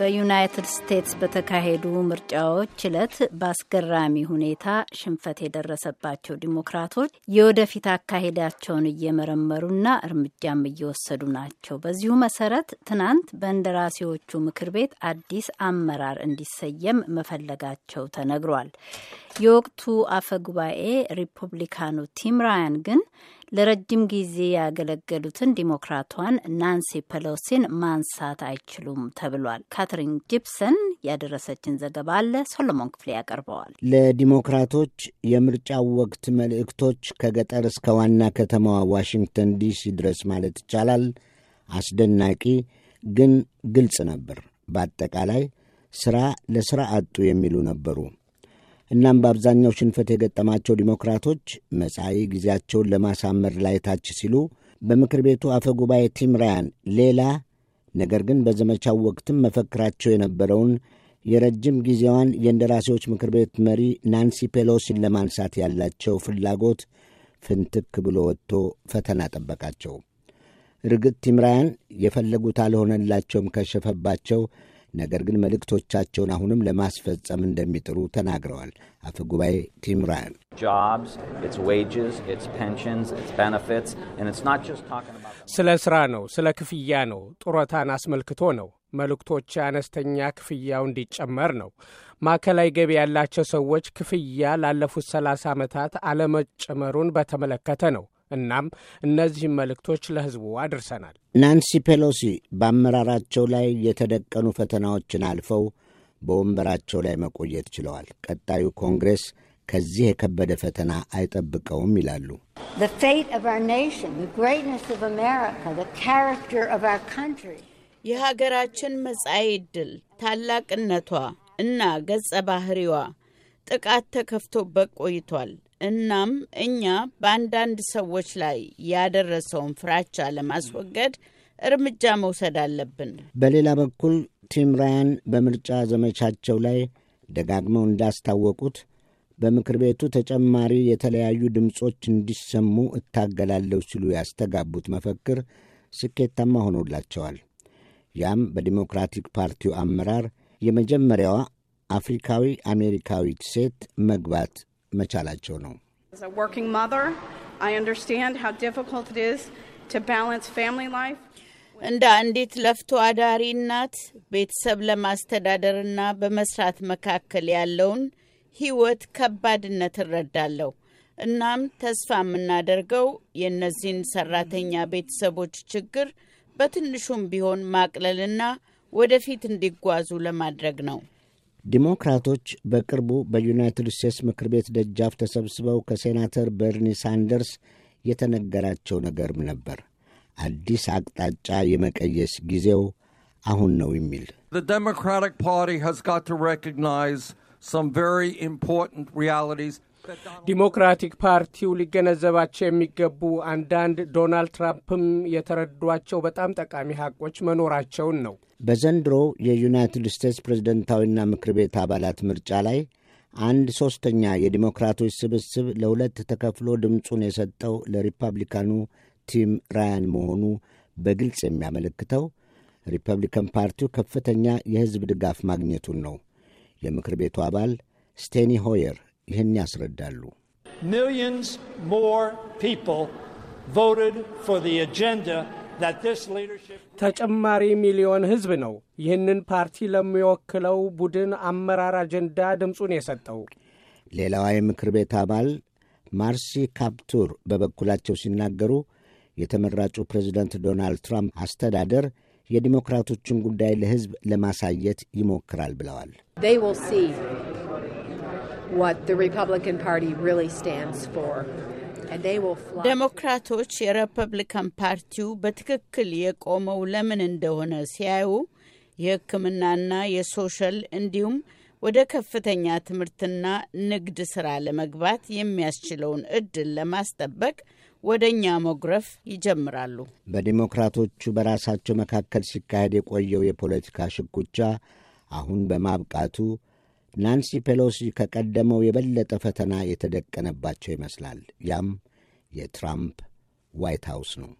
በዩናይትድ ስቴትስ በተካሄዱ ምርጫዎች ዕለት በአስገራሚ ሁኔታ ሽንፈት የደረሰባቸው ዲሞክራቶች የወደፊት አካሄዳቸውን እየመረመሩና እርምጃም እየወሰዱ ናቸው። በዚሁ መሰረት ትናንት በእንደራሴዎቹ ምክር ቤት አዲስ አመራር እንዲሰየም መፈለጋቸው ተነግሯል። የወቅቱ አፈ ጉባኤ ሪፑብሊካኑ ቲም ራያን ግን ለረጅም ጊዜ ያገለገሉትን ዲሞክራቷን ናንሲ ፐሎሲን ማንሳት አይችሉም ተብሏል። ካትሪን ጂፕሰን ያደረሰችን ዘገባ አለ፣ ሶሎሞን ክፍሌ ያቀርበዋል። ለዲሞክራቶች የምርጫው ወቅት መልእክቶች ከገጠር እስከ ዋና ከተማዋ ዋሽንግተን ዲሲ ድረስ ማለት ይቻላል አስደናቂ ግን ግልጽ ነበር። በአጠቃላይ ስራ ለስራ አጡ የሚሉ ነበሩ። እናም በአብዛኛው ሽንፈት የገጠማቸው ዲሞክራቶች መጻኢ ጊዜያቸውን ለማሳመር ላይታች ሲሉ በምክር ቤቱ አፈ ጉባኤ ቲም ራያን ሌላ ነገር ግን በዘመቻው ወቅትም መፈክራቸው የነበረውን የረጅም ጊዜዋን የእንደራሴዎች ምክር ቤት መሪ ናንሲ ፔሎሲን ለማንሳት ያላቸው ፍላጎት ፍንትክ ብሎ ወጥቶ ፈተና ጠበቃቸው። እርግጥ ቲም ራያን የፈለጉት አልሆነላቸውም ከሸፈባቸው ነገር ግን መልእክቶቻቸውን አሁንም ለማስፈጸም እንደሚጥሩ ተናግረዋል። አፈ ጉባኤ ቲም ራያን ስለ ስራ ነው፣ ስለ ክፍያ ነው፣ ጡረታን አስመልክቶ ነው። መልእክቶች አነስተኛ ክፍያው እንዲጨመር ነው። ማዕከላዊ ገቢ ያላቸው ሰዎች ክፍያ ላለፉት 30 ዓመታት አለመጨመሩን በተመለከተ ነው። እናም እነዚህም መልእክቶች ለሕዝቡ አድርሰናል። ናንሲ ፔሎሲ በአመራራቸው ላይ የተደቀኑ ፈተናዎችን አልፈው በወንበራቸው ላይ መቆየት ችለዋል። ቀጣዩ ኮንግሬስ ከዚህ የከበደ ፈተና አይጠብቀውም ይላሉ። የሀገራችን መጻኢ ዕድል፣ ታላቅነቷ እና ገጸ ባህሪዋ ጥቃት ተከፍቶበት ቆይቷል። እናም እኛ በአንዳንድ ሰዎች ላይ ያደረሰውን ፍራቻ ለማስወገድ እርምጃ መውሰድ አለብን። በሌላ በኩል ቲም ራያን በምርጫ ዘመቻቸው ላይ ደጋግመው እንዳስታወቁት በምክር ቤቱ ተጨማሪ የተለያዩ ድምፆች እንዲሰሙ እታገላለሁ ሲሉ ያስተጋቡት መፈክር ስኬታማ ሆኖላቸዋል። ያም በዲሞክራቲክ ፓርቲው አመራር የመጀመሪያዋ አፍሪካዊ አሜሪካዊት ሴት መግባት መቻላቸው ነው። እንደ አንዲት ለፍቶ አዳሪ እናት ቤተሰብ ለማስተዳደርና በመስራት መካከል ያለውን ሕይወት ከባድነት እረዳለሁ። እናም ተስፋ የምናደርገው የእነዚህን ሰራተኛ ቤተሰቦች ችግር በትንሹም ቢሆን ማቅለልና ወደፊት እንዲጓዙ ለማድረግ ነው። ዲሞክራቶች በቅርቡ በዩናይትድ ስቴትስ ምክር ቤት ደጃፍ ተሰብስበው ከሴናተር በርኒ ሳንደርስ የተነገራቸው ነገርም ነበር። አዲስ አቅጣጫ የመቀየስ ጊዜው አሁን ነው የሚል ዲሞክራቲክ ፓርቲው ሊገነዘባቸው የሚገቡ አንዳንድ ዶናልድ ትራምፕም የተረዷቸው በጣም ጠቃሚ ሀቆች መኖራቸውን ነው። በዘንድሮ የዩናይትድ ስቴትስ ፕሬዝደንታዊና ምክር ቤት አባላት ምርጫ ላይ አንድ ሦስተኛ የዲሞክራቶች ስብስብ ለሁለት ተከፍሎ ድምፁን የሰጠው ለሪፐብሊካኑ ቲም ራያን መሆኑ በግልጽ የሚያመለክተው ሪፐብሊካን ፓርቲው ከፍተኛ የሕዝብ ድጋፍ ማግኘቱን ነው። የምክር ቤቱ አባል ስቴኒ ሆየር ይህን ያስረዳሉ። ተጨማሪ ሚሊዮን ሕዝብ ነው ይህንን ፓርቲ ለሚወክለው ቡድን አመራር አጀንዳ ድምፁን የሰጠው። ሌላዋ የምክር ቤት አባል ማርሲ ካፕቱር በበኩላቸው ሲናገሩ የተመራጩ ፕሬዚደንት ዶናልድ ትራምፕ አስተዳደር የዲሞክራቶችን ጉዳይ ለሕዝብ ለማሳየት ይሞክራል ብለዋል። ዴሞክራቶች የሪፐብሊካን ፓርቲው በትክክል የቆመው ለምን እንደሆነ ሲያዩ የሕክምናና የሶሻል እንዲሁም ወደ ከፍተኛ ትምህርትና ንግድ ስራ ለመግባት የሚያስችለውን እድል ለማስጠበቅ ወደ እኛ መጉረፍ ይጀምራሉ። በዲሞክራቶቹ በራሳቸው መካከል ሲካሄድ የቆየው የፖለቲካ ሽኩቻ አሁን በማብቃቱ ናንሲ ፔሎሲ ከቀደመው የበለጠ ፈተና የተደቀነባቸው ይመስላል። ያም የትራምፕ ዋይት ሃውስ ነው።